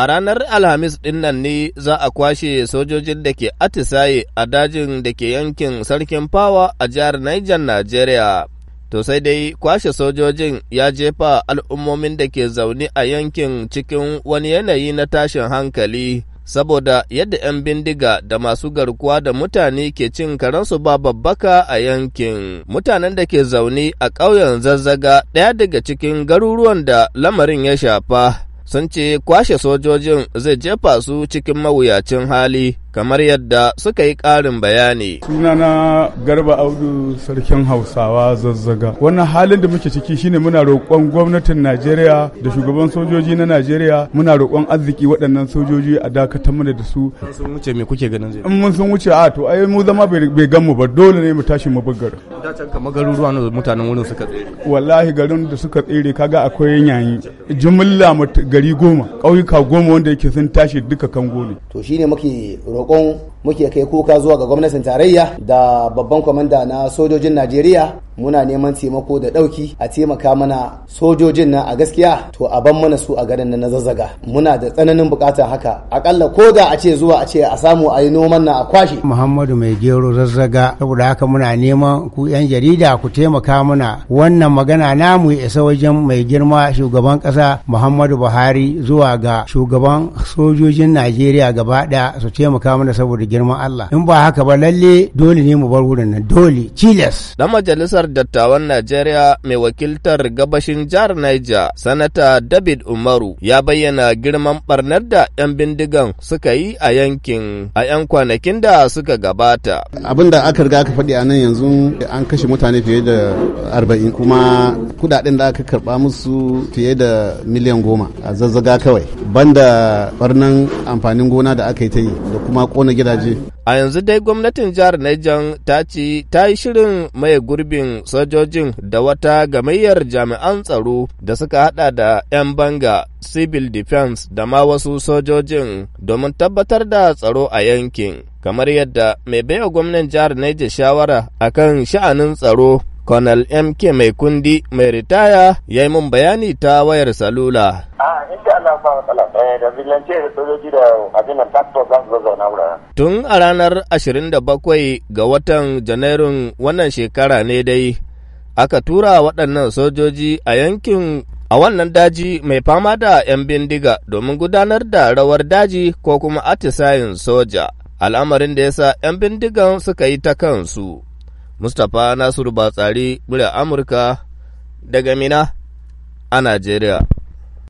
A ranar Alhamis ɗin nan ne za a kwashe sojojin da ke atisaye a dajin da ke yankin sarkin fawa a jihar Niger, Najeriya. To sai dai kwashe sojojin ya jefa al'ummomin da ke zaune a yankin cikin wani yanayi na tashin hankali, saboda yadda ‘yan bindiga da masu garkuwa da mutane ke cin karansu ba babbaka a yankin. Mutanen da ke zaune a ƙauyen zazzaga ɗaya daga cikin garuruwan da lamarin ya shafa. sun ce kwashe sojojin zai jefa su cikin mawuyacin hali kamar yadda suka yi ƙarin bayani. Sunana Garba Audu Sarkin Hausawa Zazzaga. Wannan halin da muke ciki shine muna roƙon gwamnatin Najeriya da shugaban sojoji na Najeriya muna roƙon arziki waɗannan sojoji a dakatar mana da su. Sun wuce me kuke ganin zai? In mun sun wuce a to ai mu zama bai gan mu ba dole ne mu tashi mu bugar. Da kamar garuruwa na mutanen wurin suka tsere. Wallahi garin da suka tsere kaga akwai yanyi. Jumla gari goma ƙauyuka goma wanda yake sun tashi duka kango ne. To shine muke roƙon 功。muke kai kuka zuwa ga gwamnatin tarayya da babban kwamanda na sojojin Najeriya muna neman taimako da ɗauki a taimaka mana sojojin na a gaskiya to a ban mana su a garin na zazzaga muna da tsananin bukatar haka akalla ko da a ce zuwa a ce a samu a yi noman nan a kwashe muhammadu mai gero zazzaga saboda haka muna neman ku yan jarida ku taimaka mana wannan magana namu ya isa wajen mai girma shugaban kasa muhammadu buhari zuwa ga shugaban sojojin najeriya gaba su taimaka mana saboda girman Allah in ba haka ba lalle dole ne mu bar wurin nan dole cilas dan majalisar dattawan Najeriya mai wakiltar gabashin jihar Niger sanata David Umaru ya bayyana girman barnar da yan bindigan suka yi a yankin a yan kwanakin da suka gabata abinda aka riga aka faɗi a nan yanzu an kashe mutane fiye da arba'in kuma kudaden da aka karba musu fiye da miliyan goma a zazzaga kawai banda barnan amfanin gona da aka yi ta yi da kuma kona gidaje je. A yanzu dai gwamnatin jihar Niger ta ce ta yi shirin mai gurbin sojojin da wata gamayyar jami'an tsaro da suka hada da 'yan banga, civil defense da ma wasu sojojin domin tabbatar da tsaro a yankin. Kamar yadda mai baiwa gwamnan jihar Niger shawara a kan sha'anin tsaro Colonel MK mai kundi mai ritaya ya yi mun bayani ta wayar salula. Tun a ranar 27 ga watan Janairun wannan shekara ne dai aka tura waɗannan sojoji a yankin a wannan daji mai fama da 'yan bindiga domin gudanar da rawar daji ko kuma atisayin soja al'amarin da ya sa 'yan bindigan suka yi ta kansu mustapha nasiru batsari murya amurka daga mina a najeriya